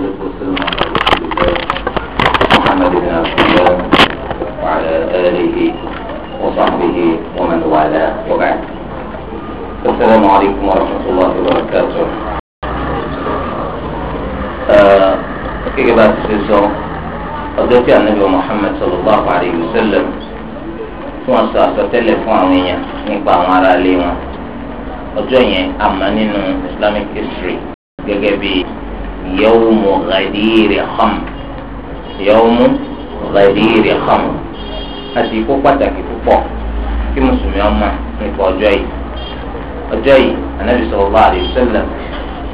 والصلاة والسلام على رسول الله محمد بن عبد الله وعلى آله وصحبه ومن والاه وبعد السلام عليكم ورحمة الله وبركاته gẹ́gẹ́ bá ti ṣe sọ ọjọ́ tí anabi muhammed sallallahu alayhi wa sallam tí wọ́n sọ àsọtẹ́lẹ̀ fún àwọn èèyàn nípa àwọn ará ilé wọn ọjọ́ yẹn a mọ̀ nínú islamic history gẹ́gẹ́ bíi yawmu ghadiri kham yawmu ghadiri kham àti ikú pàtàkì púpọ̀ kí mùsùlùmí ọmọ nípa ọjọ́ yìí ọjọ́ yìí anabi sallallahu alaihi wasallam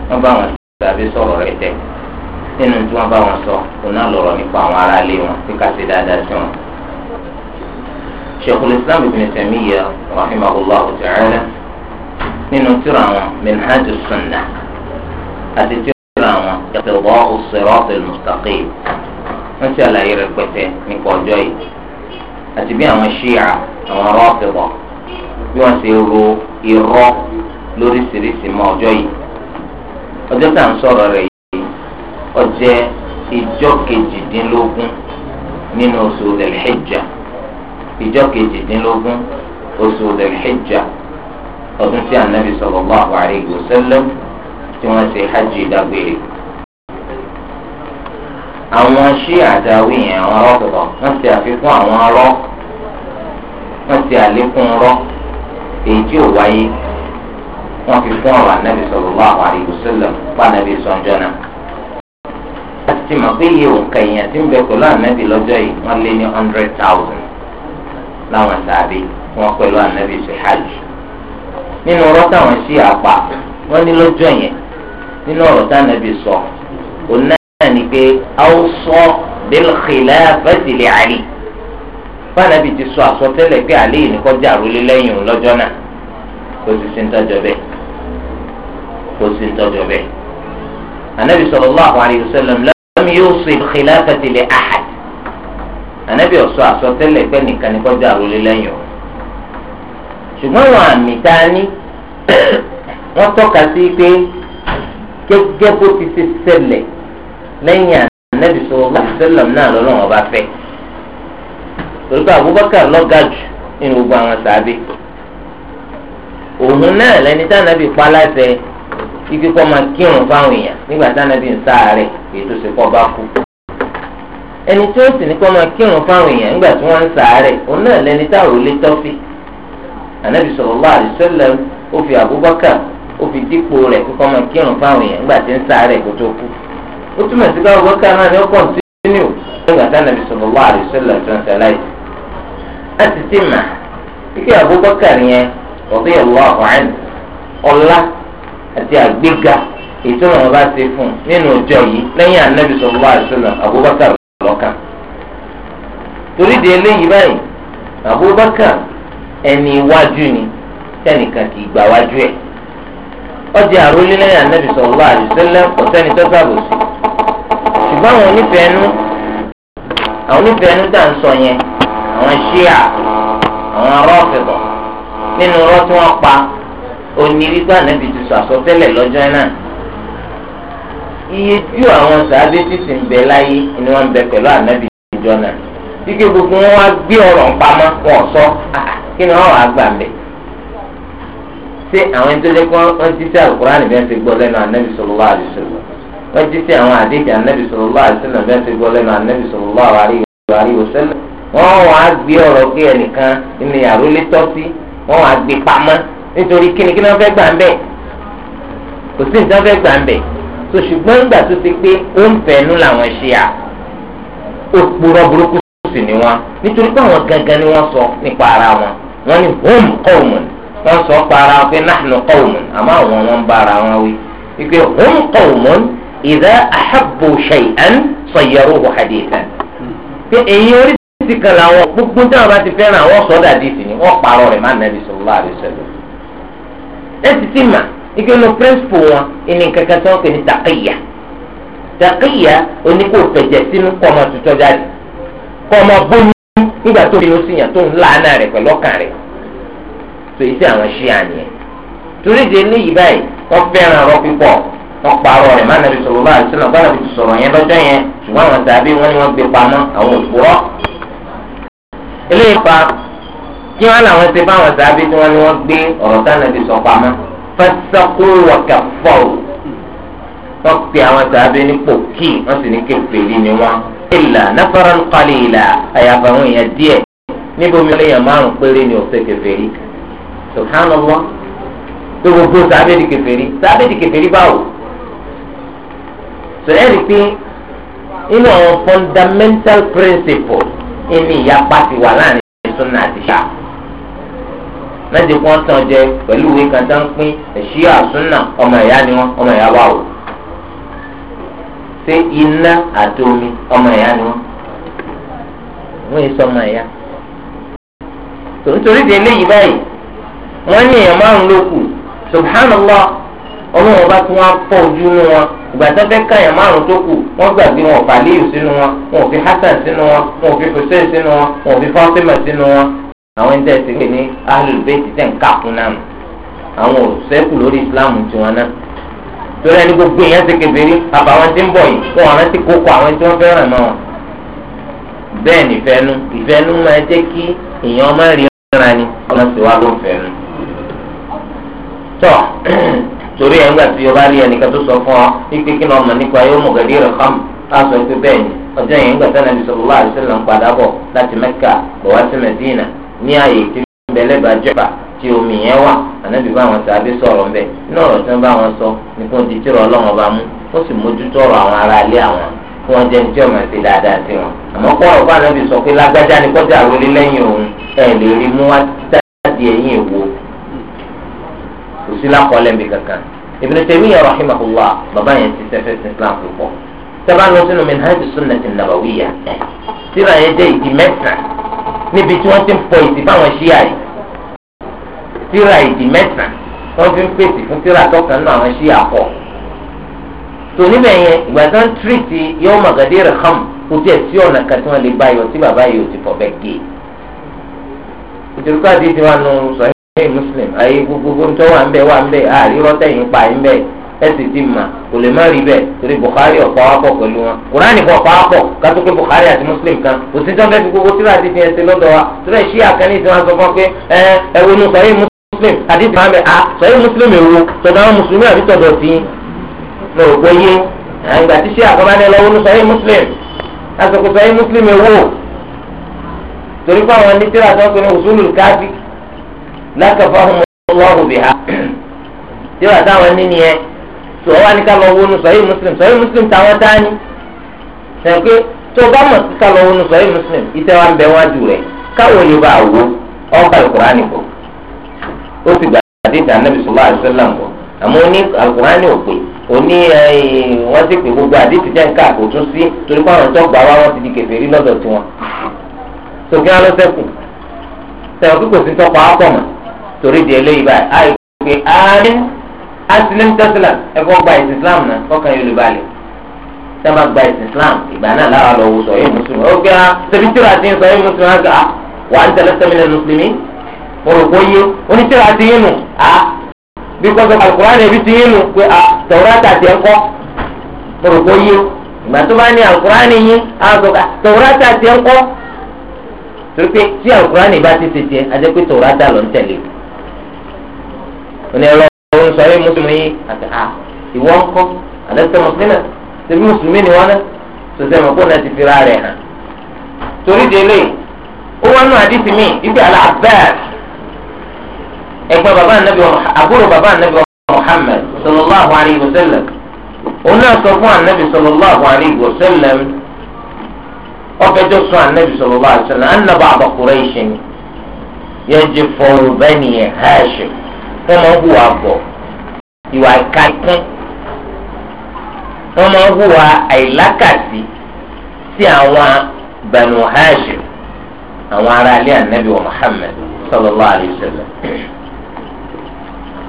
wọn bá wọn tàbí sọ̀rọ̀ rẹ̀ tẹ̀ nínú tí wọn bá wọn sọ kò náà lọ́rọ̀ nípa àwọn ará ilé wọn tí ká ṣe dáadáa sí wọn. Sheikhul Islam ibn Taymiyyah rahimahullahu ta'ala nínú tírà wọn minhajus sunnah àti tí iqtidaa as-sirat al-mustaqim wọ́n ti àlàyé rẹ̀ pẹ̀tẹ́ nípa ọjọ́ yìí àti bí àwọn ṣíà àwọn Rāfidah bí wọ́n ti ro irọ́ lóríṣiríṣi mọ́ ọjọ́ yìí ọjọ́ tá à ń sọ̀rọ̀ rẹ̀ yìí ó jẹ́ ìjọ́ kejìdínlógún nínú oṣù Dhul-Hijjah ìjọ́ kejìdínlógún oṣù Dhul-Hijjah ọdún tí Ànábì sallallahu alayhi wa sallam tí wọ́n ṣe hajj dágbére. àwọn ṣí àdáwì yẹn àwọn rọ́pọ̀ wọ́n ti àfikún àwọn rọ́ wọ́n ti àlékún rọ́ èyí tí ò wáyé wọ́n fi fún ọ̀rọ̀ ànábì sallallahu alaihi náà. láti pé iye òǹkà èèyàn ti ń bẹ pẹ̀lú ànábì lọ́jọ́ yìí lé ní hundred thousand láwọn sàbí wọn hajj. nínú táwọn ṣí ní yẹn nínú ni pé awsọ bil khilafati li Ali fanabi ti sọ àsọtẹ́lẹ̀ pé Ali yìí ni kọjá àròlé lẹ́yìn lọ́jọ́ náà kò sì sí ntọ́jọ́ bẹ́ẹ̀ kò sí ntọ́jọ́ bẹ́ẹ̀ anabi sallallahu alayhi wa sallam lam yusi bil khilafati li ahad anabi ọsọ àsọtẹ́lẹ̀ pé nìkan ni kọjá àròlé lẹ́yìn o ṣùgbọ́n àwọn àmì tá tọ́ka sí pé gẹ́gẹ́ bó ti ṣe ṣẹlẹ̀ lẹ́yìn anabi sọlọ sẹlẹm náà ọba fẹ́ abubakar nínú gbogbo àwọn òun náà lẹni tí anabi pa láṣẹ kọ́ máa kírun nígbà tí anabi ń ètò ìsìnkú ọba kú ẹni tí ó sì ní kọ́ máa kírun fáwọn èèyàn nígbà tí wọ́n ń ṣàárẹ̀ òun náà lẹni tí àrò lé tọ́fì anabi sọlọ àdìsẹlẹm ó fi abubakar ó fi ó túmọ̀ sí káwọn bọ́kà náà ni ó kọ̀ntínú lẹ́yìn àti ànàbì sallallahu alaihi wasallam láì. láti ti mà kíkẹ́ Abubakar yẹn radiyallahu anhu ọlá àti àgbéga ètò bá fún un nínú ọjọ́ yìí lẹ́yìn torí di eléyìí báyìí ẹni iwájú ọjà àròlé lẹ́yìn anabi sallallahu alaihi wasallam kò sẹ́ni tó ṣàbòsí ṣùgbọ́n àwọn onífẹ̀ẹ́nu àwọn onífẹ̀ẹ́nu dà ń sọ yẹn àwọn ṣíà àwọn rọ́ọ̀fẹ̀bọ̀ nínú rọ́ tí wọ́n pa onírígbà anabi ti sọ àsọtẹ́lẹ̀ lọ́jọ́ náà iye tí àwọn sàábé ti sì ń bẹ láyé ni wọ́n ń bẹ pẹ̀lú anabi ìjọ náà kíkẹ́ gbogbo wọn wá gbé ọ̀rọ̀ pamọ́ wọn sọ ah, kí ni wọ́n wá gbà bẹ́ẹ̀. ṣé àwọn ẹni tó lé kó wọ́n ti ti gbọ́ lẹ́nu ànábì sallallahu alaihi wọ́n ti àwọn àdéhìí ànábì sallallahu alaihi wasallam ti gbọ́ lẹ́nu ànábì sallallahu alaihi wasallam wọ́n wá gbé ọ̀rọ̀ pé ẹnìkan tọ́ sí wọ́n gbé pamọ́ nítorí kí wọ́n fẹ́ gbà ń wọ́n sọ para pé nahnu qawmun àmọ́ àwọn wọn bára wọn wí hum qawmun idha ahabbu shay'an sayyaruhu hadithan pé èyí orí kan làwọn gbogbo tí wọ́n bá ti fẹ́ràn àwọn sọ́dà dìtì ni wọ́n parọ́ rẹ̀ má nàbì sallallahu alaihi wasallam ti mà ike wọn ìní kankan tí ní oníkó sínú tuntun jáde bóyú nígbà tó tó yìí sí àwọn ṣíà nìyẹn torí di eléyìí báyìí wọ́n fẹ́ràn ọ̀rọ̀ pípọ̀ wọ́n parọ́ rẹ̀ mánàbí sọ̀rọ̀ bá àti sọ̀rọ̀ bọ́lá fi sọ̀rọ̀ yẹn lọ́jọ́ yẹn ṣùgbọ́n àwọn tàbí wọ́n ní wọ́n gbé pamọ́ àwọn òpùrọ́ eléyìí pa kí làwọn ṣe tàbí tí gbé tánàbí sọ pe àwọn tàbí kí sì ní ni wọn ìlà náfàrán kọ́lé ìlà àyàfà níbo mi lè yàn márùn péré subhanallah tó gbogbo sábẹ́ di kèfèrí sábẹ́ di kèfèrí báwo sọ ẹ́ rí i pé inú àwọn fundamental principle ẹni ìyapa ti wà láàrin sunna àti ṣá mẹ́tì kún tán jẹ pẹ̀lú ìwé kan tán pín ẹ̀ṣíà sunna ọmọ ìyá ni wọ́n ọmọ ìyá báwo ṣé iná àti omi ọmọ ìyá ni wọ́n wọ́n yìí sọ ọmọ ìyá tòun torí de eléyìí báyìí. wọ́n ní èèyàn márùn ló kù subhanallah ọlọ́run ọba tí wọ́n fọ́ ojú nu wọn ìgbà tó fẹ́ márùn kù wọ́n wọn ò sínú wọn wọn ò fi Hasan sínú wọn wọn ò fi wọn wọn ò fi wọn àwọn ẹni tẹ́ ti pè ní ahlul tẹ̀ ń náà nù àwọn lórí ìsìláàmù tọ torí ẹ̀ ń gbà tí o bá rí ẹnìkan tó sọ fún ọ wípé kí lọ́ọ́ mọ̀ nípa yóò mọ̀ gẹ̀dí rẹ̀ sọ pé bẹ́ẹ̀ ni ọjọ́ yẹn ń gbà tẹ́lẹ̀ ní omi yẹn wà ànábì bá wọn sọ̀rọ̀ ń bẹ̀ ọ̀rọ̀ tí wọ́n bá wọn sọ ni kò di tìrọ̀ ọlọ́run ọba mú ó sì mójútó ọ̀rọ̀ àwọn ará ilé ni lẹ́yìn òun ẹ̀ lè rí òsìlá kọ́lẹ̀ mi kankan Ibn Taymiyyah rahimahullah bàbá yẹn ti sẹ́fẹ́ sí islam púpọ̀ sábà lọ sínú Minhaj sunnati nabawiyya síra yẹn jẹ́ ìdí mẹ́sàn-án níbi tí wọ́n ti ń pọ̀ ìdí báwọn ṣíà yìí síra ìdí mẹ́sàn-án wọ́n fi ń pèsè fún síra tọ́kàn náà àwọn ṣíà pọ̀ tò níbẹ̀ yẹn ìgbà tí wọ́n tírìtì yọ́ọ́ màgàdéèrè hàn kò tiẹ̀ sí ọ̀nà kan tí wọ́n lè bá yọ tí bàbá yìí ò ti fọ̀ bẹ́ẹ̀ gé ìtòlùkọ́ àti ìdí nù sọ ẹ̀yin muslim ayé gbogbo tó wà ń bẹ wà ń bẹ àríwọ́ tẹ̀yìn pa ń bẹ ẹ sì ti mà kò lè má rí bẹ́ẹ̀ torí bukhari ọ̀pọ̀ akọ̀ pẹ̀lú wọn kùránì kan ọ̀pọ̀ akọ̀ kátó pé bukhari àti muslim kan kò sí sọ́kẹ́ fi gbogbo tíra ti fi ẹsẹ̀ lọ́dọ̀ wa tíra ìṣí àkànní ti wọn sọ fún pé ẹ ẹ wo nu sọ̀rọ̀ muslim àti ti máa bẹ̀ à sọ̀rọ̀ muslim èwo tọ̀dọ̀ àwọn mùsùlùmí àbí tọ̀dọ̀ sí i ní ògbó yé àgbà tí ṣé àkọ́bánilẹ̀ lọ́wọ́ nu sọ̀rọ̀ muslim lákàfáhùn ọlọ́run bìhá tí wàá táwọn níní yẹn tó wà ní ká lọ wọnú sọ̀yìn muslim sọ̀yìn muslim táwọn dání sẹ́ńpé muslim ìtẹ́ wa ń bẹ rẹ̀ káwọn alukurani ó gbà sọlá ní alukurani ní wọ́n ti pè gbogbo sí torí pé àwọn wọ́n ti di lọ́dọ̀ tiwọn. torí di eléyìí báyìí àì pé ààrẹ asilim tẹsílà ẹ̀kọ́ gba ẹ̀sìn islam náà kọ́kàn yóò lè balẹ̀ sábà gba ẹ̀sìn islam ìgbà náà lára lọ wò sọ yóò mùsùlùmí ó gbé a tẹbi tíra ti ń sọ yóò mùsùlùmí á gbà wà á ń tẹlẹ sẹmi lẹnu mùsùlùmí òrògbó yé onítíra ti yín nù á ah, bí kò sọ alukur'an ẹbí ti yín nù pé a ah, tẹwúrátà tiẹ̀ ń kọ́ òrògbó yé ìgbà tó bá ní alukur'an yín á sọ ká ah, tẹwúrátà tiẹ̀ kọ́ torí pé tí alukur'an ìbá ti ṣe tiẹ̀ á jẹ́ pé tẹwúrátà lọ ń tẹ̀lé onírọ̀ ọ̀hún sọ yé mùsùlùmí yìí àti à ìwọ ń kọ́ àlẹ́sẹ̀ mùsùlùmí tẹ̀bí mùsùlùmí ni wọ́n náà sọ̀tẹ̀ mọ̀ kó ti fira rẹ̀ hàn. torí délé ó wọ́n nù mi ibi àlà abẹ́ẹ̀ ẹ̀gbọ́n bàbá ànábì baba bàbá wa Muhammad sallallahu alayhi wa sallam sallallahu alayhi wa sallam sallallahu alayhi wa sallam wọ́n máa ń hùwà bọ̀ ìwà ìkàkún wọ́n máa ń hùwà àìlákàtì sí àwọn banu hashim àwọn ará ilé ànábì wa muhammed sallallahu alayhi wa sallam.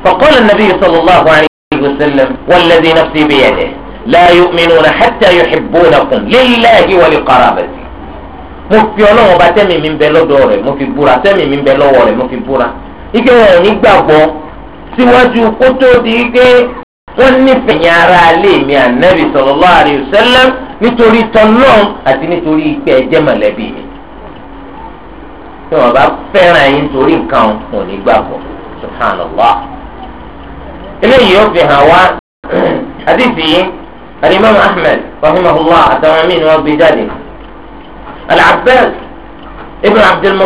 فقال النبي صلى الله عليه وسلم والذي نفسي بيده لا يؤمنون حتى يحبونكم لله ولقرابته mo fi ọlọ́run bá tẹ́mi mi ń bẹ lọ́dọ̀ rẹ̀ mo fi búra tẹ́mi mi ń bẹ lọ́wọ́ rẹ̀ mo fi búra ike wọn ò ní gbàgbọ́ síwájú kó tó di pé wọ́n nífẹ̀ẹ́ yẹn ara alẹ́ mi ànábì sallallahu alaihi wasallam nítorí tọ́lọ́ àti nítorí pé ẹ jẹ́ mọ̀lẹ́bí mi. tí wọ́n bá fẹ́ràn yín torí nǹkan ò ní gbàgbọ́ subhanallah. eléyìí ó fi hàn wá àdìsí yìí alimam ahmed rahimahullah àtàwọn míì ni gbé jáde. al ibn abdul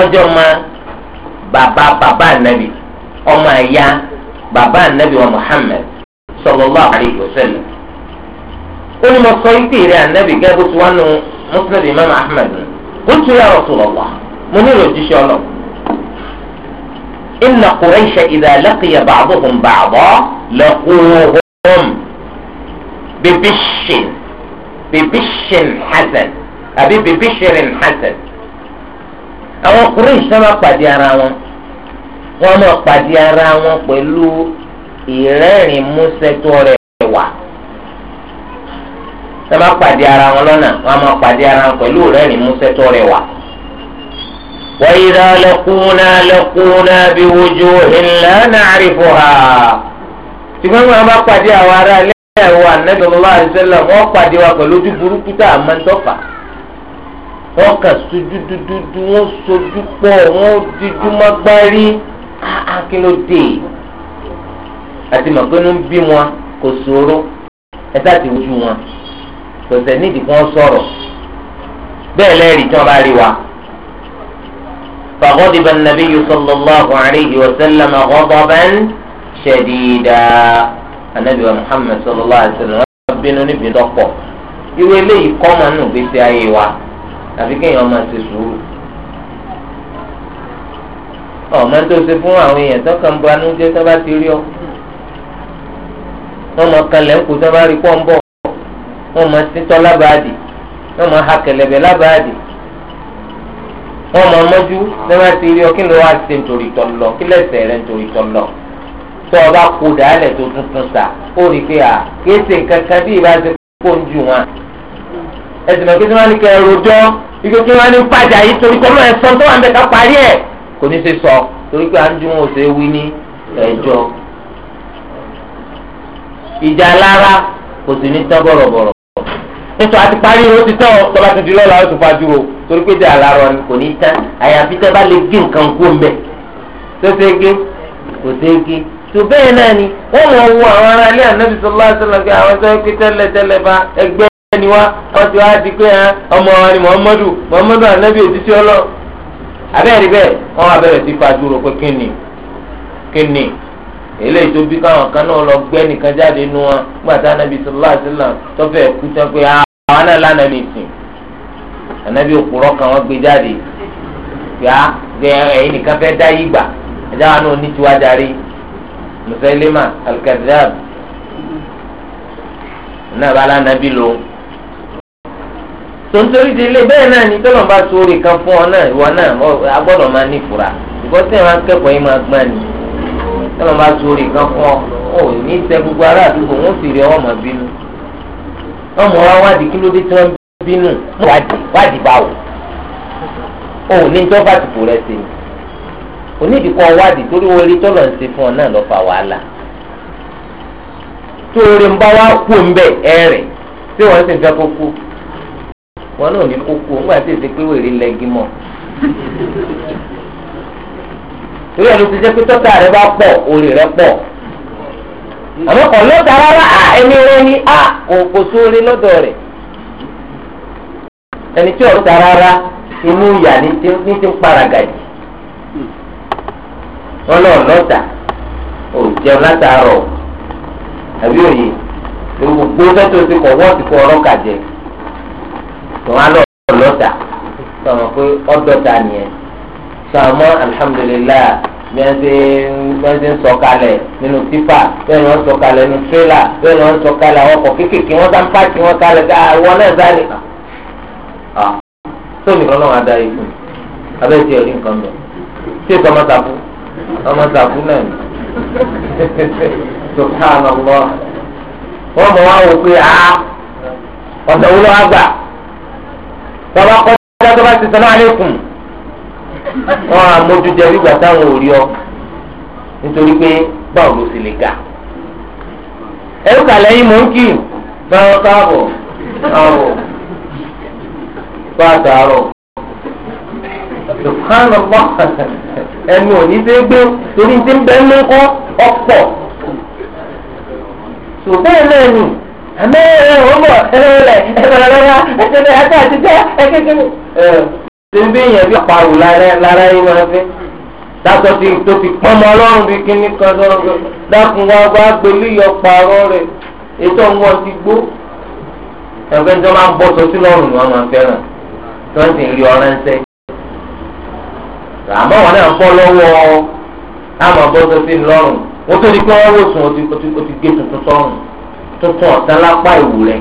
ọjọ́ ma bàbá bàbá ànábì ọmọ ẹ̀yà bàbá ànábì wa Muhammad sallallahu alayhi wa sallam ó ní mo sọ ìpè rẹ̀ ànábì gẹ́gẹ́ bó ti wá nu Musnad Imam Ahmad qultu ya Rasulullah mo ní ìròjíṣẹ́ ọlọ́ inna Quraysha idha laqiya ba'duhum ba'dan laquhum bibishin bibishin hasan àbí bibishin hasan àwọn Quraysh sábà pàdé ara wọn wọ́n máa pàdé ara wọn pẹ̀lú ìrẹ́rìn músẹ́ tó rẹwà wọ́n máa pàdé ara wọn lọ́nà wọ́n máa pàdé ara wọn pẹ̀lú ìrẹ́rìn músẹ́ tó rẹwà. وإذا لقونا لقونا بوجوه لا نعرفها ṣùgbọ́n wọn bá pàdé àwọn ará ilé ẹ̀wọ̀ ànágbèmọ́lá àdìsẹ́lẹ̀ wọ́n pàdé wa pẹ̀lú ojú burúkú tá a máa ń tọ́fà wọ́n kà sojú dúdú wọ́n sojú pọ̀ wọ́n dídú má gbárí. Ah, ah, kí ló dé àti màgbẹ́nu ń bí wọn kò sòro ẹ sáàtì wojú wọn kò sẹ́ nídìí kí wọ́n sọ̀rọ̀ bẹ́ẹ̀ lẹ́rìí tí wọ́n bá rí wa. فغضب النبي صلى الله عليه وسلم غضبا شديدا النبي محمد صلى الله عليه وسلم bínú níbi dọ́pọ̀ irú eléyìí kọ́ máa nù gbèsè ayé wa àfi kéèyàn máa ṣe sùúrù ọmọ tó ṣe fún àwọn èèyàn tó kàn ń bọ anújẹ tó bá ti rí ọ wọn mọ kan lẹ́ńkù tó bá rí pọ́ńbọ̀ wọn mọ títọ́ lábàádì wọn mọ hakẹlẹbẹ lábàádì wọn mọ mọ́jú tó bá ti rí ọ kí ló wá ṣe nítorí tọ́ lọ kí lẹ́sẹ̀ rẹ nítorí tọ́ lọ tó o bá kó dàálẹ̀ tó tuntun sà ó rí i pé à kìí ṣe nǹkan kan bí ìbá ṣe kó ń ju wọn ẹsìn mọ̀ kí tí ní kẹ́ ẹ̀rọ jọ́ ikú ní pàjáyé torí kọ́ kò ní ṣe sọ torí pé à ń wọn ò ṣe wí ní ẹjọ ìjà lára kò sì ní tán bọ̀rọ̀bọ̀rọ̀ nítorí àti parí ó ti tán ọ tuntun lọ́la ó ti torí pé ìjà lára kò ní tán àyàfi tẹ́ bá lè gé nǹkan kú mbẹ́ tó ṣe gé kò ṣe gé tó bẹ́ẹ̀ náà ni wọ́n mọ̀ àwọn ará ilé ànábì sọlá pé àwọn bá ẹgbẹ́ abẹ́rẹ́ bẹ́ẹ̀ wọ́n wá bẹ̀rẹ̀ sí fàdúró pé kínni kínni eléyìí tó bí káwọn kan náà lọ gbẹ́ nìkan jáde nu wọn gbàtà anabi sallallahu alaihi wasallam tọ́fẹ̀ kú tán pé ah, àwọn náà lánàá ní ìsìn anabi òpùrọ̀ kan wọ́n gbé jáde gbà gbẹ ah, ẹ̀yin nìkan fẹ́ dá yìí gbà ẹ̀dá wa náà ní tiwa darí Musailima al-Kadhdhab náà bá lánàá bí lòun. tontori di ilé bẹ́ẹ̀ náà ni tọ́lọ̀ bá kan fún ọ náà ìwọ náà a máa ní ìfura ìkọ́sí ẹ̀ máa kẹ́kọ̀ọ́ yín máa gbọ́n ni bá kan fún ọ ò ní sẹ gbogbo ará àdúgbò wọn sì rí ọmọ bínú ọmọ wa wádìí kí ló biinu tí wọ́n bínú wádìí wádìí ní torí tọ́lọ̀ ń fún ọ náà lọ fa wàhálà ń bá wá kú wọn náà ní kókó ńgbà tí èsì pé wèrè lẹ́gí mọ́ torí ẹni ti jẹ́ pé tọ́ta rẹ bá pọ̀ orí rẹ pọ̀ àmọ́ kò lọ́ta rárá à ẹni rẹ ni à kò sóore lọ́dọ̀ rẹ̀ ẹni tí ọ̀rọ̀ ta rárá inú ìyà ní ti ń paragàjì wọn lọ lọ́ta ò jẹun látàárọ̀ àbí òye gbogbo fẹ́ tó ti kọ̀ wọ́ọ̀tì kọ ọ̀rọ̀ kàjẹ́. wọn á lọ lọta sọmọ pé ọdọta nìyẹn sọmọ alihamudulilayi mẹ́sẹ̀ ń sọ̀kalẹ̀ nínú tipa bẹ́ẹ̀ ni wọ́n sọ̀kalẹ̀ nínú tírélà bẹ́ẹ̀ ni wọ́n sọ̀kalẹ̀ àwọn ọkọ̀ kéékèèké wọ́n sá ń pààkì wọn kalẹ̀ ká àwọn ah, náà sáré. Ah. Ah. sómi kan náà wà á da ikú abẹ́ ti ẹ̀rí nǹkan mọ̀ tí èso ọmọ sàfú ọmọ sàfú náà ni sọ̀kalẹ̀ ọ̀gbọ́n wọ́n mọ̀ wò pé ọ̀sẹ̀ wo ló gbà. tọ́wọ́ kọjá tó bá ti sọ náà lẹ́kùn wọn àmójújẹ nígbà táwọn ò rí ọ nítorí pé báwo ló sì lè ga ẹ̀rù kàlẹ́ yín mò ń kì báwọn káàbọ̀ káàbọ̀ bá a sàárọ̀ subhanallah ẹnu òní ṣe gbé torí ti ń bẹ́ẹ̀ lóko ọ̀pọ̀ ṣùgbọ́n ẹ̀ náà àmì ẹ ò ń bọ̀ ẹ lẹ ẹ bẹ̀rẹ̀ lọ́la ẹ tẹ̀lé ẹ tẹ̀ àti tẹ̀ ẹ kékeré. ẹ ṣe bí yẹn bí àparò lára yín máa fi dákọ̀ tí tó fi pọ́n mọ́ ọlọ́run bíi kíní kan sọ́run dákun wá wá gbélé yọ pààrọ̀ rẹ̀ ètò ọ̀gbọ́n ti gbó. ẹgbẹ́ tí wọ́n máa ń bọ́ sọ sí lọ́rùn ni wọ́n máa fẹ́ràn tí wọ́n sì ń rí ọ̀rẹ́ ń sẹ́. àmọ́ wọn náà bọ́ lọ́wọ́ àmọ́ bọ́ sọ sí lọ́rùn wọ́n tó ní kí wọ́n wò sùn ó ti gé tuntun sọ́rùn tó tún ọ̀tán lápá ìwù rẹ̀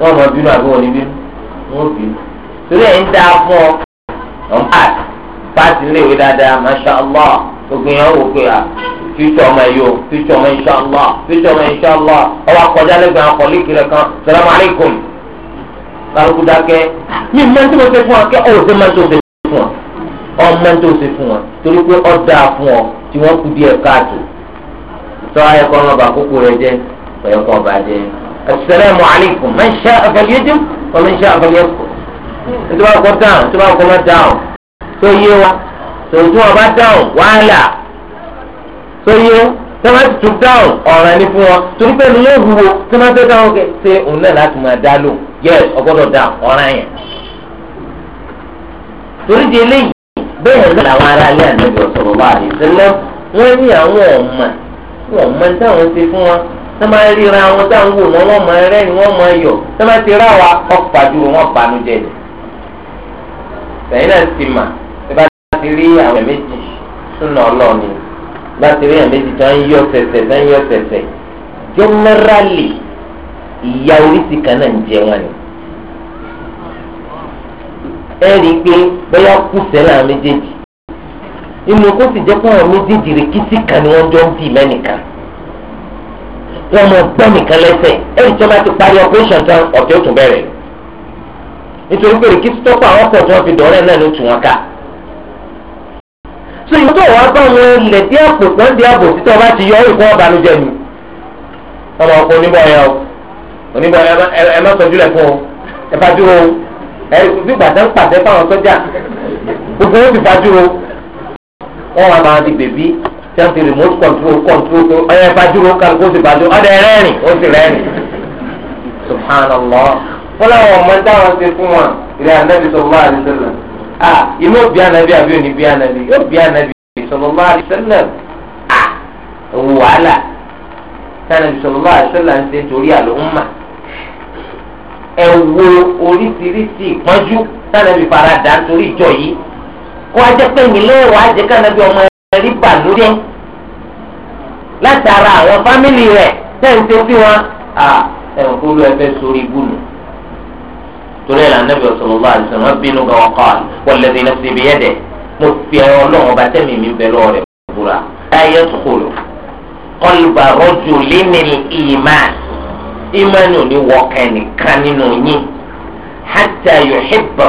wọ́n mọ bínú àbí wọn ní bínú wọ́n bínú torí ẹ̀ ń dá fún ọ ọ̀n pàt pàt dáadáa masha allah gbogbo yẹn wò pé ah, fíjọ ọmọ yìí o fíjọ ọmọ insha allah fíjọ ọmọ insha allah ọwọ́ akọjá lẹ́gbẹ̀ẹ́ àwọn kọ̀líkì rẹ̀ kan salamu alaykum kálukú dákẹ́ mi mọ tí mo ṣe fún ọ kẹ́ ọ ṣe máa tó ṣe fún ọ ọmọ tó ṣe fún ọ torí pé ọ dáa fún ọ tí wọ́n kú díẹ̀ káàtó sọ ayẹkọ ọmọ bàkókò rẹ jẹ́ ẹ̀yọ́kọ̀ bàjẹ́ السلام عليكم من شاء àfẹlẹ́dẹ́ wọ́n man ṣe àfẹlẹ́kọ̀ tó bá kọ́ dáhùn tó bá kọ́ mọ́ dáhùn tó yé wa tó tó wọn bá dáhùn wàhálà tó yé tó bá tún dáhùn ọ̀ràn ni fún wọn torí pé ní yóò wúwo tó bá tó dáhùn kẹ ṣe òun náà láti máa dá lò yẹ ọgbọ́dọ̀ dáhùn ọ̀ràn yẹn torí di eléyìí bẹ́ẹ̀ náà làwọn ará ilé àdébọ̀ sọ̀rọ̀ wá àdìsẹ́lẹ̀ wọ́n ní àwọn ọ̀mà wọn ọ̀mà táwọn ṣe fún wọn wọ́n máa ríra wọn tá à ń wò wọ́n wọ́n máa rẹ́rìn wọ́n máa yọ̀ wọ́n máa ti rá wa ọ̀pá dúró wọ́n banú jẹ́ ni. sẹ́yìn náà ti mà ẹ bá ti rí àwọn ẹ̀ méjì súnà ọlọ́ọ̀ni bá ti rí àwọn méjì tó ń yọ̀ sẹ̀sẹ̀ tó ń yọ̀ sẹ̀sẹ̀ jọ́nẹ́rálì ìyá oríṣi kan náà ń jẹ wọn ni. ẹ rí i pé bóyá kù sẹ́lá méjèèjì inú kó sì jẹ́ pé àwọn méjèèjì rẹ̀ kìsì kan ni wọ́n jọ ń bì mẹ́nìkan wọn mọ pọ́ nìkan lẹ́sẹ̀ ẹni tí wọ́n bá ti parí operation tán ọ̀tẹ̀ ó tún bẹ̀rẹ̀ nítorí pé kí sítọ́pù àwọn ọkọ̀ tí wọ́n fi dọ̀rẹ́ náà ló tù wọn ká. sọ ìwọ́n tó wàá bá wọn lẹ̀ dí àpò tán dí àpò títọ́ bá ti yọ ọ́ ìfọ́ ọ̀bànújẹ́ ni. ọmọ ọkọ oníbọ̀ yẹn o oníbọ̀ yẹn ẹ má sọjú lẹ̀ fún o ẹ bá dúró ẹ bí gbàdá ń fáwọn sọ́jà gbogbo wọn ti bá dúró. wà máa di bèbí tẹ́wọ́n ti remote control control tó ọ̀yẹ́ bájúrò kan kó sì bájú ọ̀dẹ rẹ́rìn ó sì rẹ́rìn subhanallah wọn làwọn ọmọ táwọn ṣe fún wọn ìrìn ànábì sallallahu alaihi wasallam ah inú òbí ànábì àbí òní bí ànábì yóò bí ànábì sallallahu alaihi wasallam ah òun wàhálà tánàbì sallallahu alaihi wasallam ń ṣe torí àlùmọ́ ẹ wo oríṣiríṣi ìpọ́njú tánàbì faradà torí ìjọ yìí wọ́n á jẹ́ pé ìyìnlẹ́ wàá jẹ́ kánàbì ọmọ rí bà lórí ẹ̀ látara àwọn fámìlì rẹ̀ tẹ̀sí sí wọn à ẹ̀rù kúrú ẹ̀fẹ́ sórí ibùnú. torí ẹ̀la nàbì sallallahu alaihi wasallam bínú gan ọkọ àlù walladhi nafsi biyadihi mo fi ẹran ọlọ́run ọba tẹ́mi mi bẹ lọ́wọ́ rẹ̀ búra. ayé kúrò qalba rajulin ìmáà ìmáàni ò ní wọ́ọ̀kẹ́ nìkan nínú yín hatta yuhibbu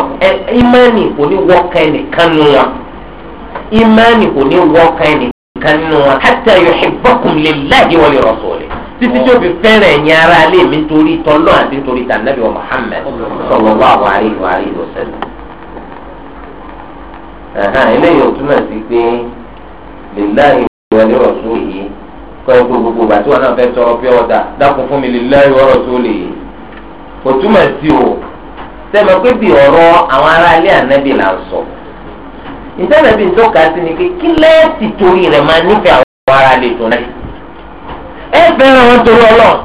ìmáàni kan nínú wọn hatta yuhibbukum lillahi wa li rasulih títí tí o fi fẹ́ràn ẹ̀yin ara alẹ́ mi nítorí tọ́lọ́ àti nítorí tànàbí wa Muhammad sallallahu alaihi wa alihi wa sallam. eléyìí ò túmọ̀ sí pé lillahi wa li rasulih kọ́ ẹ gbogbo bàtí wọn náà fẹ́ tọrọ pé ọ̀dà dákun fún mi lillahi wa rasulih kò túmọ̀ sí o sẹ́mi pé bí ọ̀rọ̀ àwọn ará ànábì là ń sọ̀rọ̀ ìtẹ́lẹ̀ bíi tó kà sí ni pé kí lẹ́ẹ̀tì torí rẹ̀ máa nífẹ̀ẹ́ àwọn ará lè tó náà ẹ fẹ́ràn wọn torí ọlọ́run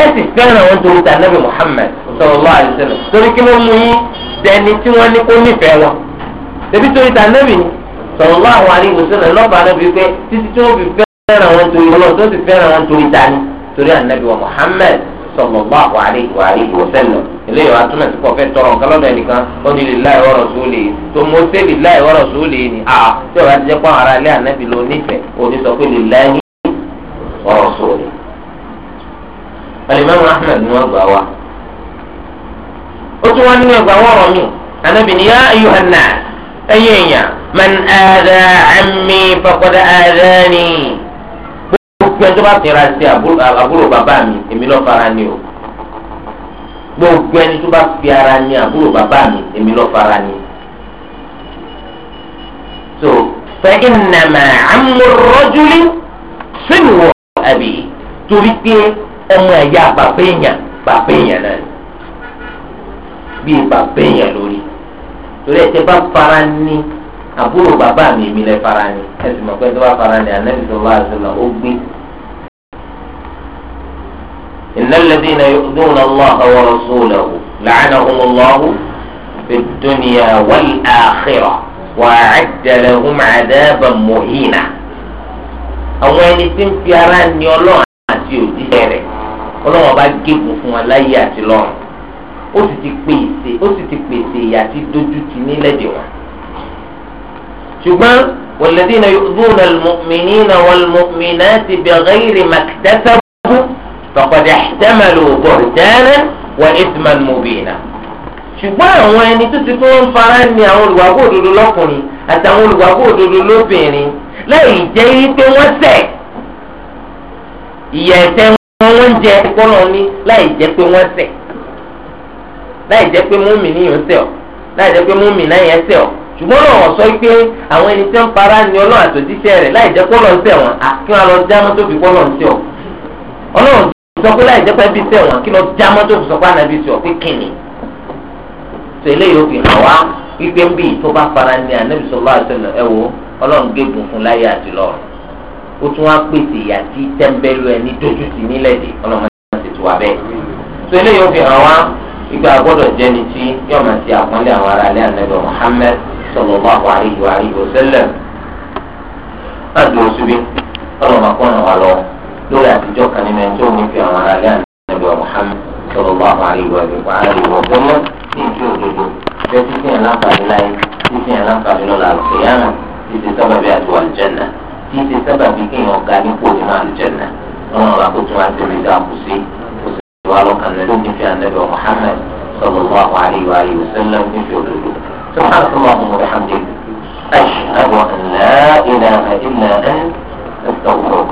ẹ sì fẹ́ràn wọn torí tànàbí Muhammad sallallahu alaihi wasallam torí kí ló mú yín dẹni tí wọ́n ní kó nífẹ̀ẹ́ wọn tẹ̀bí torí tànàbí sallallahu alaihi wasallam lọ́ba náà fi pé títí tí wọ́n fi fẹ́ràn wọn torí ọlọ́run tó sì fẹ́ràn wọn torí tani torí Muhammad sallallahu alaihi wa alihi wa sallam eléyìí wàá túmọ̀ sí kọfẹ́ tọrọ nǹkan lọ́dọ̀ ẹnìkan ó ní lillahi wa rasulihi tó mo ṣe lillahi wa rasulihi ni a tí o bá ti jẹ́ pọ́n ara ilé ànábì ló nífẹ̀ẹ́ òní sọ pé lillahi wa rasulihi. alimami ahmed ni wọn gbà wá ó tún wọn nínú ẹgbà wọ́ọ̀rọ̀ mi ànábì ni yá ayyuhan nas ẹ̀yẹ̀ èèyàn man aza ammi faqad azani gbogbo ẹjọ́ bá fẹ́ra sí àbúrò bàbá mi èmi lọ́ọ́ fara ni o gbogbo ẹni tó bá fi ara ní àbúrò bàbá mi èmi lọ́ọ́ fara ni. so fẹ́ẹ́nàmà amúrọ́júlì sínúwọ̀ àbí torí pé ọmọ ẹ̀yà bàbá èèyàn bàbá èèyàn náà bíi bàbá èèyàn lórí torí ẹ̀ tẹ́ bá fara ní àbúrò bàbá mi èmi lẹ́ fara ni ẹ̀sìn mọ̀ pé tó bá fara ní ànábìsọ̀ bá a sọ̀rọ̀ ó gbé innal ladhina yu'dhuna Allaha wa rasulahu la'anahum Allahu fid dunya wal akhirah wa a'adda lahum 'adaban muhina. àwọn ẹni tí ń fi ara ní ọlọ́run àti òjíṣẹ́ rẹ̀ ọlọ́run ọba gégùn fún wọn láyé àti lọ́run ó sì ti pèsè ó sì ti pèsè ìyà tí dojú ti nílẹ̀ dè wọn. ṣùgbọ́n والذين يؤذون المؤمنين والمؤمنات بغير ما اكتسبوا فقد ihtamalu buhtanan wa مبينا. mubina ṣùgbọ́n àwọn ẹni tó ti tó ń fara ni àwọn olùwàgbọ́ òdodo lọ́kùnrin àtàwọn olùwàgbọ́ òdodo lóbìnrin láì jẹ́ pé wọ́n ṣẹ̀ ìyà ẹ̀ṣẹ̀ wọn wọ́n jẹ kọ́nà ní láì jẹ́ pé wọ́n ṣẹ̀ láì jẹ́ pé múmi níyàn ṣẹ̀ ọ́ láì jẹ́ pé múmi náyàn ṣẹ̀ ọ́ ṣùgbọ́n náà wọ́n sọ pé àwọn ẹni tó ń fara ni ọlọ́run àtòjíṣẹ́ rẹ̀ láì jẹ́ kọ́nà ṣẹ̀ wọn sọ pé láì jẹ́ pé bí sẹ́ wọn kí lọ já mọ́tò sọ pé ànábì sọ pé kìnnì tó eléyìí ó fi hàn wá wípé ń bì tó bá fara ní ànábì sọlá àtẹlẹ ẹ wo ọlọ́run gégùn fún láyé àti lọ́run ó tún wá pèsè ìyá tí tẹ́ńbẹ́lú ẹni dojú ti nílẹ̀ dé ọlọ́run ti tù wá bẹ́ẹ̀ tó eléyìí ó fi hàn wá ìgbà gbọ́dọ̀ jẹ́ni tí yóò máa ti àpọ́nlé àwọn ará ilé ànábì Muhammad sallallahu alaihi wa alihi wa sallam láti lọ síbi lórí àtijọ́ kan nínú ẹni tó ní fi àwọn aráàlú ànábì Muhammad sallallahu alaihi wa alihi wa sallam ní ìjú òdodo bẹ́ẹ̀ títí yẹn láǹfààní láyé títí yẹn láǹfààní lọ́la àlùkìyàmà títí sábàbí àti àlùjẹ́nà títí sábàbí kéèyàn ga nípò nínú àlùjẹ́nà wọn wà kó tún wá sí orí dáàbò sí òsèlú alọ́kàn náà lórí fi ànábì Muhammad sallallahu alaihi wa alihi wa sallam ní fi òdodo subhanallahu wa bihamdihi ashhadu an la ilaha illa anta astaghfiruka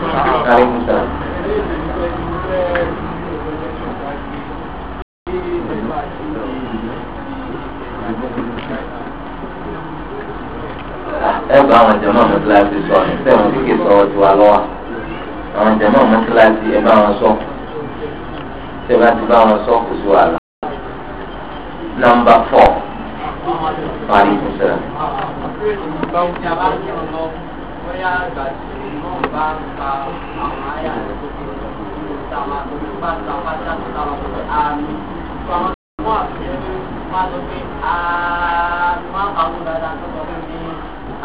ẹ bá àwọn jẹmọ mọtíláṣí sọ ní sẹwọn tí kì í sọ ọtí wa lọ́wọ́ àwọn jẹmọ mọtíláṣí ẹ bá wọn sọ tẹ bá ti bá wọn sọ kò sí wàhálà nọ́mbà fọ parí ìmúṣẹ bóyá ìgbà tí wọ́n bá ń pa àwọn àyà rẹ̀ tó ti ní ìtàwọn àtòkù bá ta pátá tó táwọn tó fẹ́ àmì tó àwọn tó wà fẹ́ máa lọ pé àmì máa ń pàmò dáadáa tó sọ pé ní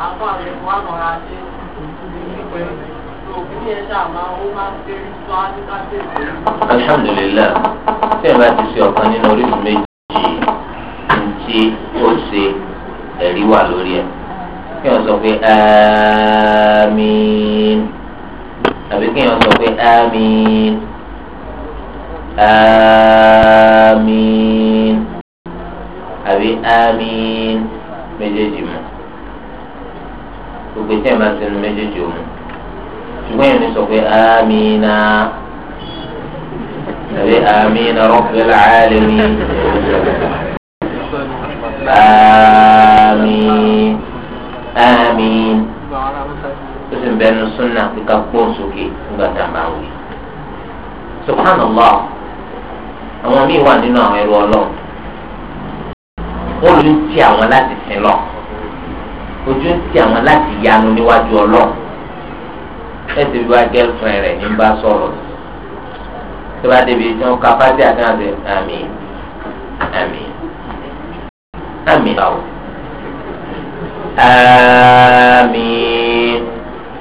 àwọn àmì ẹ̀kọ́ wà mọ̀ra ṣe ìpè òkú ní ẹja máa ó máa ń tẹ́rí tó á ní ká tẹ̀ sí. alhamdulilayi tí ẹ bá ti ṣe ọ̀kan nínú orísun méjì tí ó ṣe ẹ̀rí wà lórí ẹ̀ kí wọ́n sọ pé ẹ̀ẹ́. آمين àbí kéèyàn sọ pé آمين آمين àbí آمين méjèèjì mu gbogbo tí a máa sinmi méjèèjì mu ṣùgbọ́n yẹn ní sọ pé آمين àbí آمين رب العالمين. súnà pé ká gbóhùn sókè nígbà tá a máa wí. subhanallah àwọn míì wà nínú àwọn ẹrú ọlọ́run olú ń ti àwọn láti sin lọ ojú ń ti àwọn láti yanu níwájú ọlọ́run ẹsẹ̀ bí wá gẹ́lfẹ̀ẹ́ rẹ̀ ní bá sọ̀rọ̀ tó débi tí wọ́n ká fásitì àtàwọn àmì àmì àmì báwo àmì.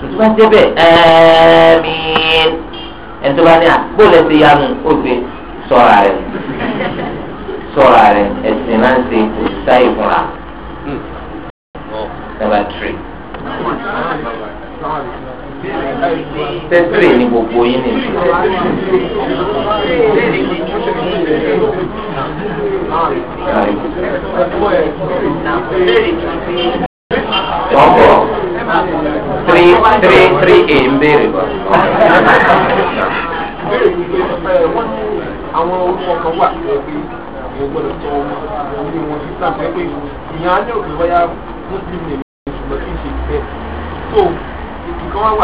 tuntun bá débẹ̀ àmín ẹni tó bá ní àgbọ̀lẹ̀ ti yanu ó ti sọ̀ra rẹ̀ sọ̀ra rẹ̀ ẹ̀sìn náà ń ṣe òṣìṣẹ́ ìfúnra. number three. tẹ́tírì ni gbogbo yín ní ìlú. three three a ń béèrè bọ. àwọn orúkọ ọkụkọ wà pé ọkụkọ gbọ́dọ̀ tọ ọmọ orí wọn sí sáà pé ìyá á lérò pé báyà muslim lè a ń gbé àwọn orúkọ kan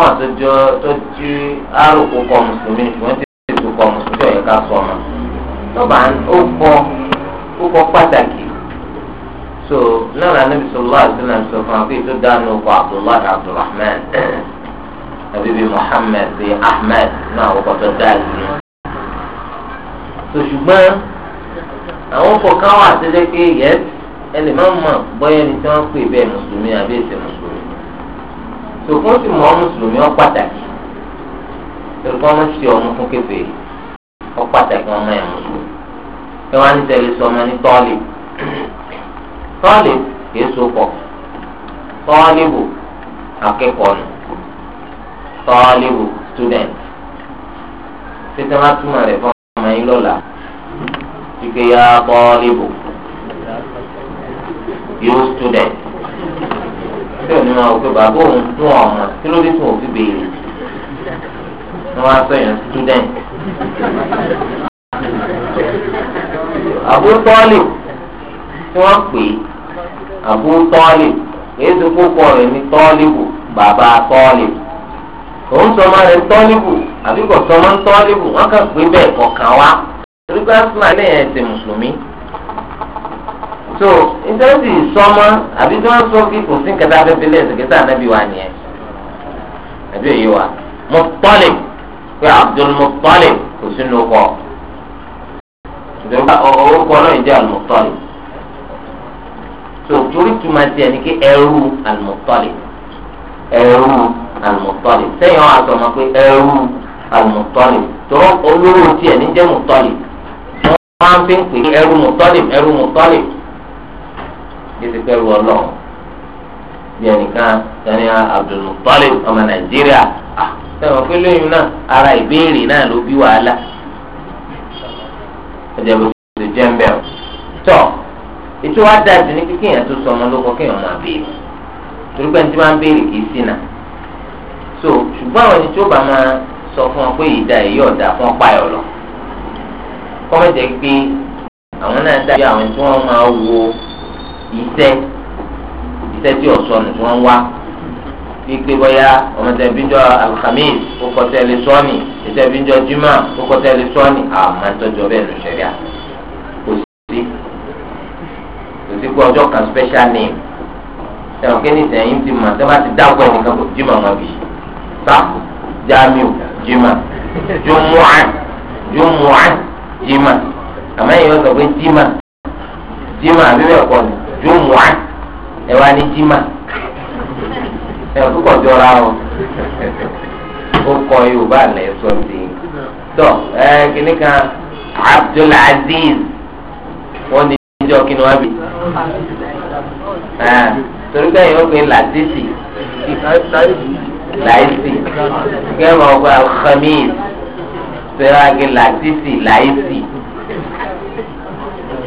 wà tó tó jí kọ lọ́ba ó kọ ó kọ pàtàkì so náà la níbi sọlá àdúrà sọ fún àbí tó dánú ọkọ abdullahi abdulrahman abibi muhammed bi ahmed náà ó kọtọ dáàbì so ṣùgbọ́n àwọn kọ̀ọ̀kan wà tẹ́lẹ̀ pé yẹn ẹni máa ń mọ̀ bọ́yá ẹni tí wọ́n pè bẹ́ẹ̀ mùsùlùmí àbí èsè mùsùlùmí sòkún sì mọ̀ mùsùlùmí ọ pàtàkì tẹ̀lifọ́n ṣe ọmọ fún kẹfẹ́ ọ pàtàkì ọmọ ẹ̀ mùsùlùmí ẹ wá ní tẹ̀lé sọmọ ní tọ́ọ̀lì tọ́ọ̀lì kìí sopọ̀ tọ́ọ̀lìbù akẹ́kọ̀ọ́ nù tọ́ọ̀lìbù student títí wọn túmọ̀ rẹ̀ fún ọmọ yín lọ́la kíkẹ́ yá tọ́ọ̀lìbù yóò student tí òní máa wò pé bàbá òun tún ọmọ kí ló dé tí òun fi béèrè wọn á sọ yẹn student. Abu Talib tí wọ́n pè é Abu Talib èyí tó kókó rẹ̀ ní Tọ́lìbù bàbá Tọ́lìbù òun sọmọ rẹ̀ Tọ́lìbù àbí kò sọmọ Tọ́lìbù wọ́n kàn pé bẹ́ẹ̀ kọ̀ọ̀kan wá torí pé asúnmọ́ alẹ́ yẹn ti mùsùlùmí so ìtẹ́sí sọmọ àbí tí wọ́n sọ kí kò sí nǹkan tá a fẹ́ fi lẹ́sìn kí sáà nábì wà nìyẹn àbí èyí wa Muttalib pé Abdul Muttalib kò sínú kọ́ ìjọba orúkọ náà jẹ́ àlùmọ̀tọ́lì tó torí tuma tiẹ̀ ní kí ẹrú àlùmọ̀tọ́lì ẹrú àlùmọ̀tọ́lì sẹ́yìn wọn àtọ̀mọ̀ pé ẹrú àlùmọ̀tọ́lì tó olówó tiẹ̀ ní jẹ́ mọ̀tọ́lì wọ́n máa ń fi ń pè é ẹrú mọ̀tọ́lì ẹrú mọ̀tọ́lì títí pẹ̀lú ọlọ́run bí ẹnìkan sani Abdulmutalib ọmọ Nàìjíríà sẹ́wọ̀n ah, pé lóyún náà ara ìbéèrè náà ló bí wàhálà ọjà bó ti jẹ́ ń bẹ̀ ọ́. tọ́ ètò wa dáa jù ní kíkẹ́ yẹn tó sọ ọmọ lóko kéèyàn máa béèrè torí pé ní tí wọ́n béèrè kì í sí nà. so ṣùgbọ́n àwọn ẹni tí ó bá máa sọ fún ọ pé ìdá èyí ọ̀dà fún ọ̀pá ẹ̀ lọ. kọ́mẹ̀tẹ̀ pé àwọn náà dàbí àwọn tí wọ́n máa wo iṣẹ́ iṣẹ́ tí ọ̀sọ́nù tí wọ́n wá ikpe bóyá ọmọ tẹ bíjọ alhamis kókọ tẹ lè sọọni tẹ bíjọ juma kókọ tẹ lè sọọni àmọ́ ntọjọ bẹ́ẹ̀ ló ṣẹlẹ̀ à kò sí kò sí kó ọjọ́ kan special name ẹwọn kí ni sẹ́yìn ti mọ tẹ bá ti dáko ẹnìkan kò juma wọn bì sá jamiu juma jumua jumua jima àmọ́ èyí wọ́n sọ pé jima jima àbí bẹ́ẹ̀ kọ́ ni jumua ẹ wá ní jima ẹ̀rọ púpọ̀ jọra o ó kọ yorùbá lẹ̀ sọ sí i tọ ẹ kìnnì kan Abdul Aziz wọn ní ìjọ kí ni wọn bì torí bẹ́ẹ̀ yóò pé làtísì láìsì kẹ́mọ̀ ọgbà khamis sẹ́wáàgì làtísì láìsì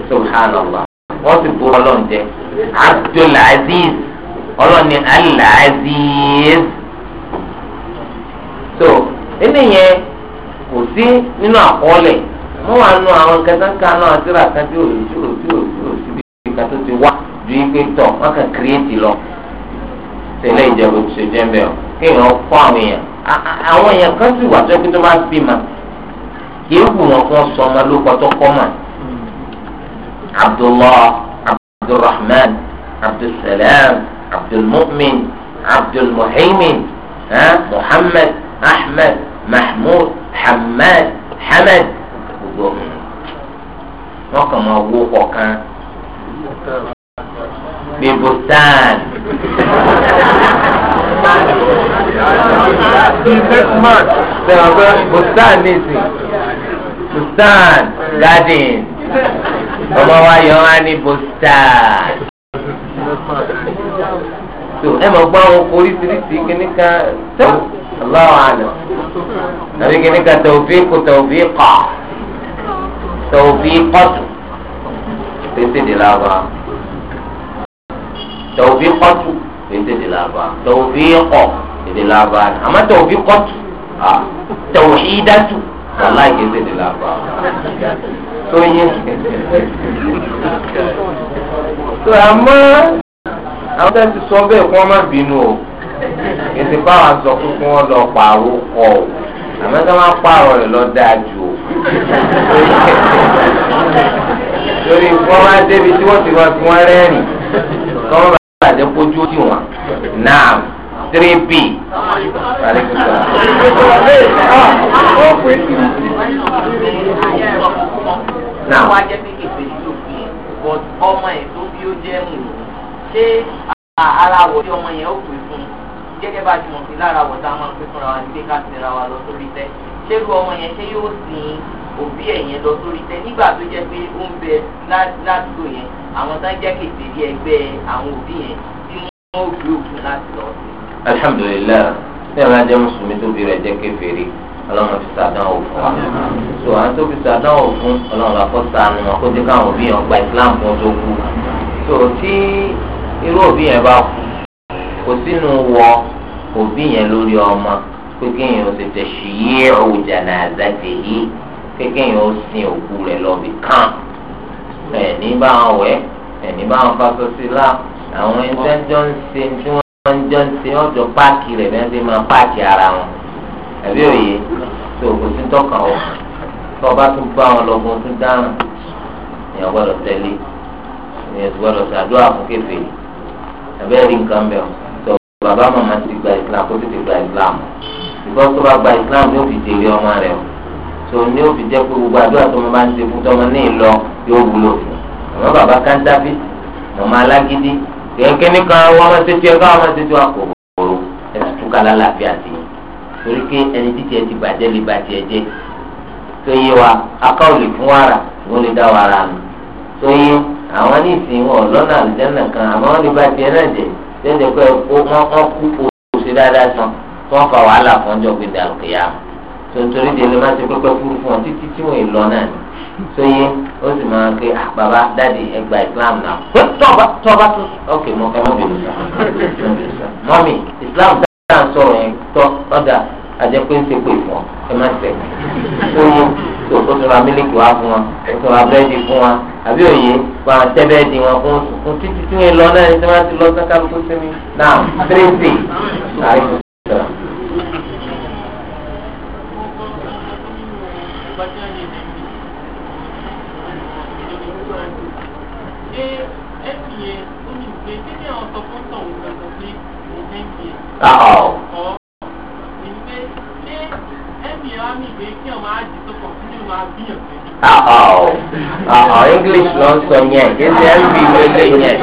subhanallah wọ́n ti bu ọlọ́run jẹ Abdul ọlọ́ni al-aziz so eléyẹn kò sí nínú àkọọ́lẹ̀ mo wà nù àwọn kẹtàkà náà síra kan tí ò tí ò tí ò tí ò síbi ìka tó ti wá ju ipe tọ̀ wọn kàn kírètì lọ tẹ̀lé ìjẹ̀bù tó ṣe jẹ́ ń bẹ̀ ọ́ kéèyàn kọ́ àwọn èèyàn àwọn èèyàn kan sì wà tó tó bá bímọ kì í wù wọn kó sọ ọmọ lóko tó kọ́ mọ̀ Abdullah Abdulrahman Abdulsalam. عبد المؤمن عبد المهيمن محمد احمد محمود حماد حمد رقم ابوك وكان ببستان بستان نسي بستان قاعدين وما هو يعني بستان tó ẹ mọ̀ gbọ́ àwọn oríṣiríṣi kíní kan tó aláwọ̀ àná àbí kíní kan tòfin kò tòfin kọ̀ tòfin kọ̀tù pété de la ba tòfin kọ̀tù pété de la ba tòfin kọ̀ de la ba àmọ́ tòfin kọ̀tù tòfin dàtù wàláì kéde de la tó yẹ tó àmọ́ àwọn tẹ́ ti sọ bẹ́ẹ̀ kí wọ́n má bínú o ètò báwa sọ pé kí wọ́n lọ pààrọ̀ kọ o àmọ́ tí wọ́n pààrọ̀ rẹ̀ lọ dáa jù o lórí wọ́n wá débi tí wọ́n ti wá fi wọ́n rẹ́rìn kí wọ́n bá bàjẹ́ kójú tì wọ́n náà three b. Náà ọmọ ẹ̀ tó bí ó jẹ́ mùú ṣé ara wọ̀ tí ọmọ yẹn ó pè fún un gẹ́gẹ́ bá ti mọ̀ sí lára wọ̀ tá a máa ń pè fúnra wa nígbè ká tẹ̀ra wa lọ sórí tẹ́ ṣérú ọmọ yẹn ṣé yóò sin òbí ẹ̀ yẹn lọ sórí tẹ́ nígbà tó jẹ́ pé ó ń bẹ ládùúgbò yẹn àwọn tá jẹ́ kékeré ẹgbẹ́ àwọn òbí yẹn tí wọ́n ó gbé òkun láti lọ alhamdulilayi ṣé àwọn ajẹ́ mùsùlùmí tó bí rẹ̀ jẹ́ kékeré ọlọ́run fi sàdánwò fún wa so àwọn tó fi sàdánwò fún ọlọ́run bá kọ́ sànù wọn kó dé káwọn òbí yẹn gba islam fún tó kú so tí irú òbí yẹn bá kú kò sínú wọ òbí yẹn lórí ọmọ pé kéèyàn ó ti tẹ̀sí yé ọ̀jà náà àzáde yìí pé kéèyàn ó sin òkú rẹ̀ lọ́bì kan ẹ̀ní bá ń wẹ̀ ẹ̀ní bá ń fasọ sí lá àwọn ẹ̀ńtẹ́ jọ ń ṣe tí wọ́n jọ ń ṣe ọjọ́ páàkì rẹ̀ bẹ́ẹ̀ ti máa páàkì ara wọn àbí òye tó kò sí tọ́kàn ọ̀ tó bá tún bá wọn lọ́gbọ́n tún dáhùn èèyàn gbọ́dọ̀ tẹ́lẹ̀ èèyàn gbọ́dọ̀ ṣàdúrà fún kèfèrí abẹ́ rí nǹkan bẹ́ẹ̀ tó bàbá màmá ti gba islam kó tètè gba islam ìgbọ́ tó bá gba islam yóò fi jèrè ọmọ rẹ̀ o tó ní ó fi jẹ́ pé gbogbo àdúrà tó mo bá ń ṣe fún tọmọ ní ìlọ yóò wúlò fún àmọ́ bàbá kántábì màmá alágídí kẹ̀kẹ́ nìkan wọ́n máa ṣe tiẹ̀ káwọn máa ṣe tiẹ̀ kòkòrò ẹ̀sìn túkàlà láàfin àti yìí torí pé ẹni títí ẹ ti bàjẹ́ lè bàjẹ́ jẹ́ tó yé wa aká ò lè fún wàrà ìwọ́n lè dá wàrà nù tó yín àwọn ní ìsìn wọn lọ́nà àlùjáná kan àmọ́ wọn lè bá tiẹ̀ náà jẹ jẹ́jẹ́ pé wọ́n kú oṣù dáadáa tán tí wọ́n fa wàhálà fún ọjọ́ gbé dàrú kìyà tontori de lè má ti pẹ́pẹ́ fúru fún ọ títí tí wọ́n lọ náà ni tó yẹ ó sì máa ké ah, bàbá dáàdi ẹgbà Islam náà tọ́ba tọ́ba tó ok mo ẹ má bẹ̀rù sọ mọ́mì Islam dáadáa sọ̀rọ̀ yẹn tọ́ ọ̀dà àjẹpẹ́ ń ṣe pé fún ọ ẹ má ṣe tó yẹ o tó tún ra mílíkì wá fún wọn tó tún ra búrẹ́dì fún wọn àbí òye fún àwọn tẹ́bẹ́ẹ̀dì wọn fún fún títí tí wọ́n lọ náà ní tí wọ́n ti lọ sí kálukú sí mi náà tírèsì àìsàn. Ọ̀ọ́. Uh-oh. Uh-oh. English ló ń sọ yẹn kéde ẹ̀rí lélẹ̀ yẹn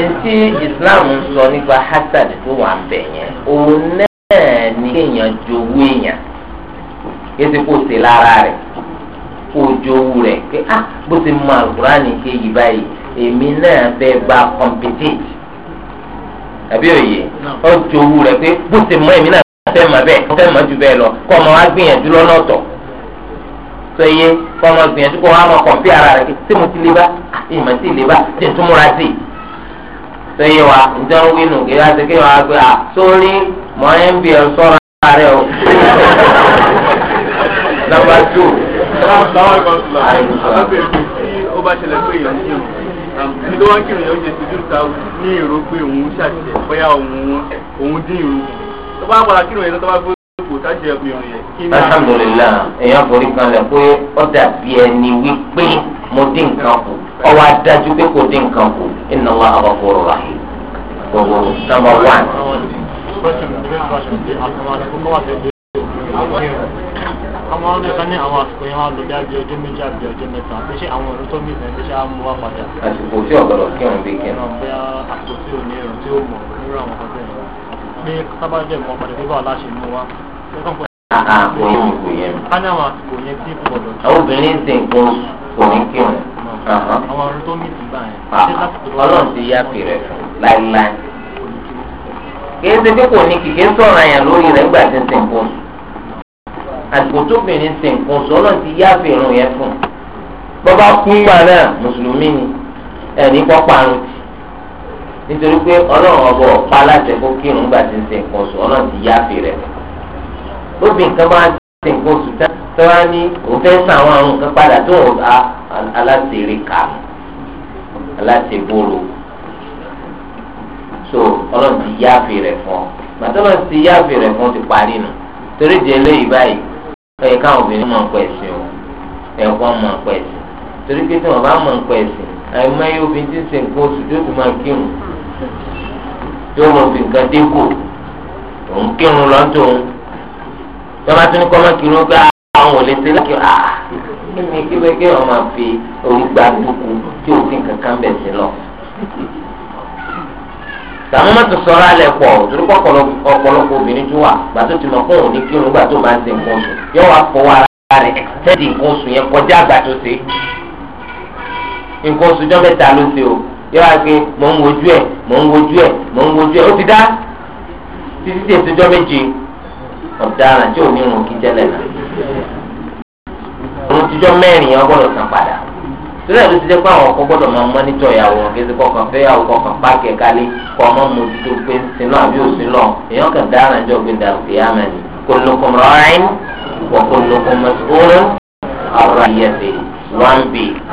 etí Islam ń sọ nípa hasad tó wà ń bẹ̀ yẹn òun náà ní kéèyàn jowó èèyàn kéde kó ṣe lára rẹ̀ kó jowó rẹ̀ ah bó ti mọ àgùránì ké yìí báyìí èmi náà fẹ́ bá competition àbí òye ó jowó rẹ̀ pé bó ti mọ fẹ́ mọ̀ bẹ́ẹ̀ mo fẹ́ mọ̀ ju bẹ́ẹ̀ lọ kọ́ ọmọ wa gbìyànjú lọ́nà ọ̀tọ̀ sọ iye kọ́ ọmọ gbìyànjú kọ́ ọmọ kọ̀ǹpì ara rẹ̀ tí mo ti lè bá ìmọ̀ tí lè bá tí n tún múra sí i sọ iye wa ǹjẹ́ ń wí nù kí wá sí kí wọ́n á gbé a sórí mọ̀ ẹ́ ń bí ẹ sọ́ra rẹ o. nọ́mbà tù. ó bá ṣẹlẹ̀ pé èèyàn ń jẹun ìdí tó wá ń kírun yẹn ó jẹ ṣojú ìta ní èrò pé òun ṣàṣẹ bóyá òun dín ìrù tó bá wàrà kírun yẹn tó bá gbó kò tájì ẹ̀kú ìrìn yẹn. alhamdulillah èèyàn forí kanlẹ̀ pé ó dàbí ẹni wípé mo dín nǹkan kù ọwọ́ adájú pé kò dín nǹkan kù inna Allaha ghafurur rahim gbogbo number one. àwọn ọdún kan ní àwọn àsìkò yẹn wọn lò dá bí ọjọ́ méjì àbí ọjọ́ mẹ́ta àti ṣé àwọn ọdún tó mí ìfẹ́ ṣe á mú wá padà. àsìkò tí ọ̀gọ́dọ̀ kírun bí kírun. àsìkò tí ò ní ẹ̀rọ tí ó mọ̀ nírú àwọn ọdún yẹn pé sábàjẹ́ ìwọ̀n padà bí báwa láṣẹ mú wa. àkò yẹn kò yẹn. ká ní àwọn àsìkò yẹn tí kò gbọdọ̀. obìnrin ti nǹkan kò ní kí wọn. àwọn ọ̀rọ̀ tó mìtì gbà yẹn. ọlọ́run ti yá pèrè fún láíláí. kìí ṣe pé kò ní kìkì ń sọ̀rọ̀ àyàn lórí rẹ̀ nígbà tí ń ti nǹkan àsìkò tóbìnrin ti nǹkan sọ ọlọ́run ti yá pèrè yẹn fún. bọ́bá kú gbà náà mùsùlùmí ni ẹ̀ ní kọ́ parun ti. nítorí pé ọlọ́run ọba ọ̀pá aláṣẹ kó kírun gbà tí ń ṣe nǹkan oṣù ọlọ́run ti yáfe rẹ̀ lóbi nǹkan bá ṣe nǹkan oṣù tẹ́wá ní òun fẹ́ san àwọn àrùn kan padà tó aláṣẹ̀rẹ̀ kà aláṣẹ̀bọ̀rọ̀ so ọlọ́run ti yáfe rẹ̀ fún ọ màtọ́lọ́ ti yáfe rẹ̀ fún ọ ti parí nu torí di eléyìí báyìí ẹ̀yẹ káwọn obìnrin mọ̀ nǹkan ẹ̀sìn o ẹ̀kọ́ mọ̀ nǹkan torí pé tí wọ́n bá mọ̀ àìmọ́ o mọ fi nǹkan dínkù òun kírun lọ tó ń tọ́ba ní máa kírun pé àwọn ò lè ṣe lákì kí ni máa fi orí gba dúkù tí òfin kankan bẹ̀ sí lọ. tàwọn mọ́tò pọ̀ ọ̀pọ̀lọpọ̀ obìnrin wà gbà tó ti mọ̀ fún òun ní kírun gbà tó máa ń ṣe nǹkan oṣù yóò wá ara kọjá àgbà tó ṣe nǹkan oṣù jọ́ yóò gbé mò ń wojú ẹ̀ mò ń wojú ẹ̀ mò ń wojú ẹ̀ ó ti dá títí tí ètò ìjọ méje ọ̀daràn tí ò ní irun kí tẹ́lẹ̀ náà òun tíjọ́ mẹ́rin yẹn gbọ́dọ̀ san padà sílẹ̀ ló ti jẹ́ pé àwọn ọkọ gbọ́dọ̀ máa mọ́nítọ̀ ìyàwó wọn kí ẹ ti kọkàn fẹ́ ìyàwó kọkàn páàkì ẹ̀ka lé kọ́ ọmọ mojútó pé sinú àbí òsínlọ èèyàn kan dáràn jọ gbé dàrúkì yámẹ́ ni kullukum ra'in wa kullukum mas'ulun 'an ra'iyatihi one big.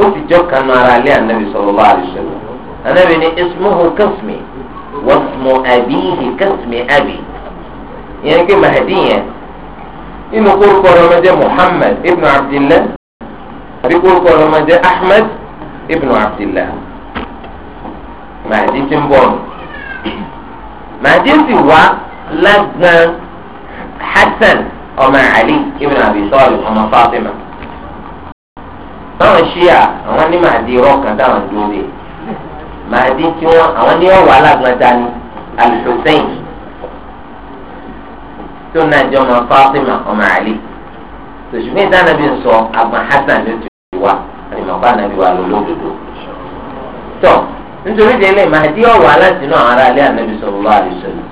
ó fi jọ́ kanu ara lé anabi sallallahu alaihi wasallam anabi ni ismuhu kasmi wasmu abihi kasmi abi yẹn kí mahadi yẹn inú kórukọ rẹ̀ ma jẹ́ muhammad ibnu abdillah àbí kórukọ rẹ̀ ma jẹ́ ahmed ibnu abdillah mahadi ti ń bọ̀ mahadi sì wá lágbọn hasan ọmọ ali ibnu abi talib ọmọ fatima. táwọn ṣíà àwọn ní màdí rọ́ọ̀kan táwọn dóore màdí tí wọ́n àwọn ní ọ̀wọ́ alágbọ̀ntà ni Al-Hussein tó náà jẹ́ ọmọ Fatima ọmọ Ali tòṣùgbọ́n ìdáná bí sọ àgbọn Hasan ló ti wá àdìmọ̀gbà náà bí wà lólódodo tọ́ nítorí délé màdí ọ̀wọ́ aláṣìnú àwọn ará ilé ànábì sallallahu alaihi wasallam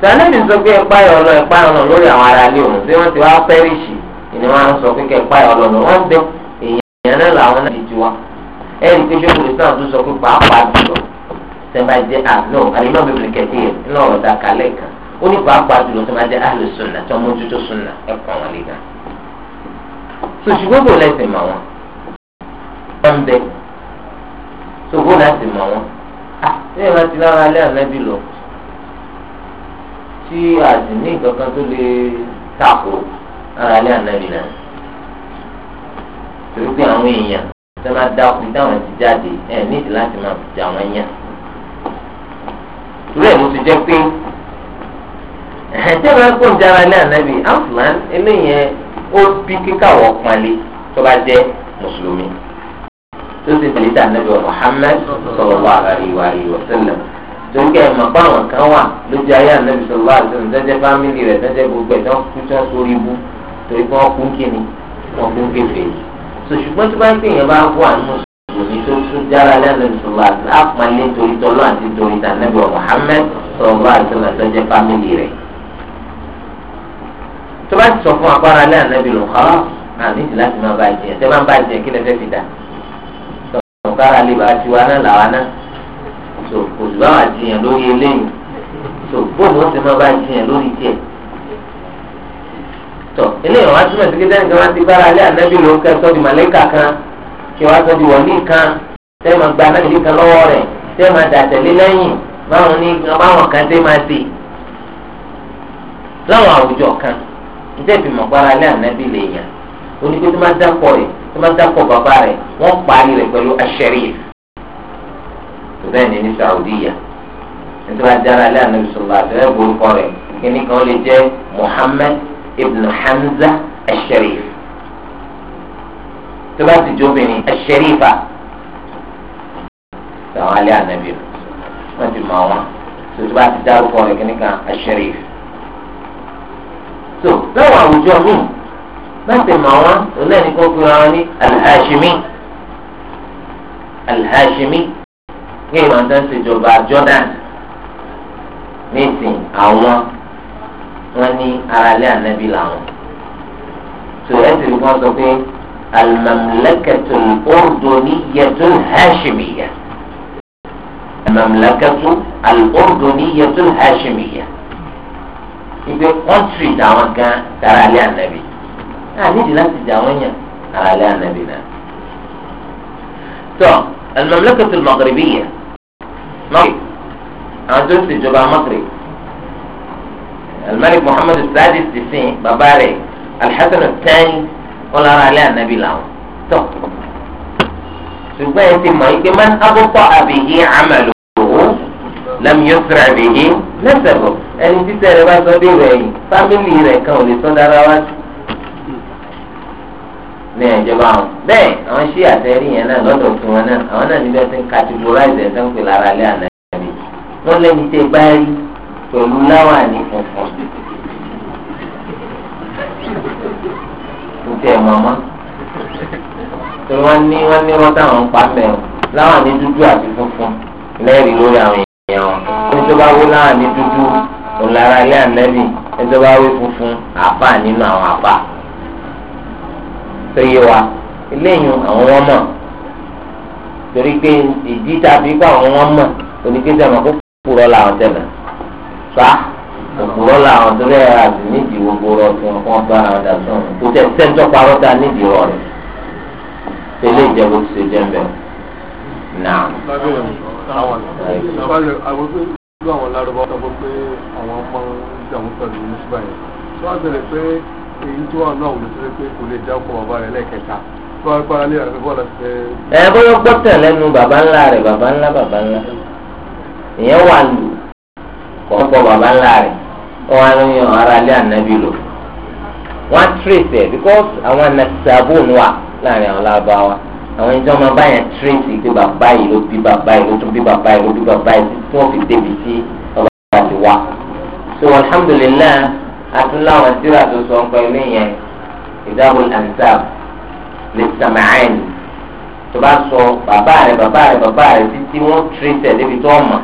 sànẹ́bì sọ pé ẹ̀pá yọ lọ ẹ̀pá yọ lọ lórí àwọn ará òun tí wọ́n ti wá pẹ́rìṣì àwọn náà lè ju wa ẹ ẹ nítorí pé islam tó sọ pé pàápàá jùlọ sẹba jẹ àlọ àlọ bíbélì kẹtì ẹ ní ọ̀rọ̀ ta kalẹ̀ kan ó ní pàápàá jùlọ sẹba jẹ àlọ sunna tó mójútó sunna ẹ kọ wọn lè gan. sòṣùgbọ́n bò lẹ́sìn mọ̀ wọn wọ́n ń bẹ sògbó láti mọ̀ wọn ṣé ìwà ti lára alẹ́ ànábì lọ tí àdìní kankan tó lè takò ara alẹ́ ànábì náà. torí pé àwọn èèyàn tó máa dá ọkùnrin táwọn ti jáde nídìí láti máa jà yàn. ẹ̀ mo ti jẹ́ pé ẹ̀jẹ̀ máa ń kó ìjára ní ànábì afúlán eléyẹn ó bí kíkàwọ́ pọ́nlé tó bá jẹ́ mùsùlùmí tó ti tẹ̀lé tà ànábì wa Muhammad sallallahu alaihi wa sallam torí ẹ̀ àwọn kan wà lójú ayé ànábì ṣùgbọ́n tó bá ń pèèyàn bá wà nínú mùsùlùmí tó tún dára lẹ́nu ìṣòro àti àpọ́nlé torí tọ́lọ́ àti torí tànẹ́bí wa Muhammad sọ̀rọ̀ àtúnlá tó jẹ́ fámìlì rẹ̀. tó bá ti sọ fún apára lẹ́ ànẹ́bí ló kọ́ àmì ìdí láti máa bá jẹ ẹ̀sẹ̀ máa bá jẹ kí lẹ́fẹ́ fi dà. sọ̀rọ̀ kára lè bá tiwa náà làwa náà sọ̀rọ̀ bóun tọ eléyìí wọn túmọ̀ sí kíkẹ́ nǹkan wọn ti gbára alẹ́ ànábì ló ń kẹ́ di màlẹ́kà kan kí wọn di kan tẹ́ ma gba anábì kan lọ́wọ́ rẹ̀ tẹ́ máa dà tẹ̀lé lẹ́yìn báwọn ní báwọn kan tẹ́ láwọn àwùjọ kan ìfìmọ̀ gbára ànábì lè yàn onígbé tó dápọ̀ rẹ̀ tó dápọ̀ bàbá rẹ̀ wọ́n parí rẹ̀ pẹ̀lú tó bẹ́ẹ̀ ni ní nítorí ajára ànábì sọ̀rọ̀ ibn hamza asharif tó bá sì jó obìnrin asharifa sàwọn alẹ́ ànábì wọ́n ti mọ̀ wọn tó tó bá ti dárúkọ rẹ̀ kíníkan asharif tó láwọn àwùjọ míì láti mọ̀ wọn òun náà ní kó wọn ní alhashimi alhashimi ní ìmọ̀ tó ń ṣèjọba jordan nísìn àwọn wọ́n ní aráalé ànábì làwọn tó ẹ ti rí kan sọ pé al-mamlakatu al-urduniyatu al-hashimiyya al-mamlakatu al-urduniyatu al-hashimiyya ìgbé kọ́ńtìrì làwọn gan aráalé ànábì àníjì láti jà wọ́n yàn aráalé náà tó al-mamlakatu al-maghribiyya àwọn tó ń ṣèjọba Maghrib. الملك محمد السادس sisin بباري، الحسن الثاني tani ọlára alẹ́ anabi làwọn tọ́ ṣùgbọ́n ẹ ti mọ̀ ike man abọ́tọ̀ àbíyí àmàlò lam yọsirà àbíyí lẹ́sẹ̀bọ̀ ẹni títẹ̀ rẹ̀ bá sọ dé rẹ̀ yìí fámìlì rẹ̀ kan ò lè sọ dára wá sí ní ìjọba àwọn bẹ́ẹ̀ àwọn ṣí àtẹrí yẹn náà lọ́dọ̀ fún wọn náà àwọn náà níbi ọtí ń categorize ẹ̀ sẹ́ńpẹ̀ lára alẹ́ ànábi wọ́n lẹ́ni tẹ́ báyìí pẹ̀lú láwàní funfun tiẹ̀ mọ̀mọ́ tí wọ́n ní wọ́n ní wọ́n táwọn ń pa mẹ́ o láwọn ní dúdú àti funfun lẹ́rìí lórí àwọn èèyàn wọn ní tó bá wó láwọn ní dúdú òlára ilé ànẹ́bì ní tó bá wó funfun àbá nínú àwọn àbá tó yé wa eléyìí àwọn wọn mọ̀ torí pé ìdí tàbí pé àwọn wọn mọ̀ oníkéjà máa kó kúrọ̀ làwọn tẹ̀lé fa òpùrọ́ làwọn tó rẹ̀ àti nídìí gbogbo rọ̀ tí wọ́n kàn bá àwọn dàtún kò tẹ̀ sẹ́ńtọ́ parọ́ ta nídìí rọ̀ rẹ̀ tẹ́lẹ̀ ìjẹ́bù ti ṣe jẹ́ mbẹ́ náà. Àwọn àwọn lárúbọ sọ pé àwọn ọmọ ìjàmú pẹ̀lú oníṣùgbà yẹn. Tí wọ́n bẹ̀rẹ̀ pé èyí tí wọ́n náà wùlé sílé pé kò lè jákòó bàbá rẹ̀ lẹ́ẹ̀kẹta. Tí wọ́n pa alẹ́ àti bọ́ọ̀lù ṣe. Ẹ bóyá gbọ́ tẹ̀lẹ́nu bàbá ńlá rẹ̀ bàbá ńlá bàbá ńlá. Ìyẹn wà lù kọ́ ń bọ bàbá ńlá rẹ̀ wọn á yan ara lé ànábì lò wọn á trace ẹ because àwọn anasabon wà láàrin àwọn lábáwá àwọn ẹni tí wọn máa bá yẹn trace ìgbé bàbá yìí ló bí bàbá yìí ló tún bí bàbá yìí ló bí bàbá yìí tí wọn fi débi sí ọba àti wa so alhamdulilayi atúláwọn síra tó sọ ń pẹ̀lú yẹn ìdáhùn ansab lè sàmáàyàn tó bá sọ bàbá rẹ bàbá rẹ bàbá rẹ títí wọn trace ẹ débi tó ọmọ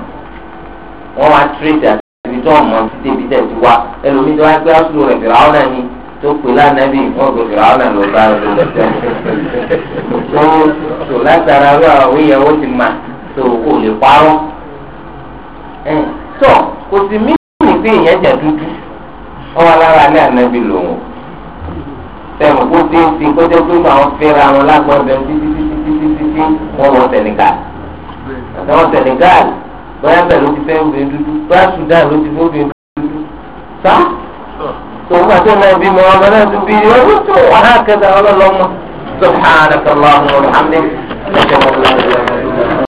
wọn wá trace tó ọmọ débi tẹ̀ ti wá ẹlòmíì tó wá gbé áṣù rẹ̀ fìrà ọ̀nà ni tó pè lánàbì wọn kò fìrà ọ̀nà ló bá lò lọ́sẹ̀ tó tó látara rẹ̀ àwọn ìyàwó ti mà tó kò lè parọ́ ẹ̀ tó kò sì mí pé èèyàn jẹ dúdú wọn wà lára alẹ́ ànábi lòun sẹ́wọ̀n kó dé sí kọjá pé àwọn fẹ́ra wọn lágbọ́n bẹ́ẹ̀ títí títí títí wọ́n wọ Senegal bóyá bẹ́ẹ̀ ló ti fẹ́ obìnrin dúdú bóyá Sudan ló ti fẹ́ obìnrin dúdú sá tòun àti ọmọ ẹbí mọ ọmọ náà tún bí ọdún tó wàhálà kẹta ọlọlọmọ subhanahu wa ta'ala wa rahmatulahi.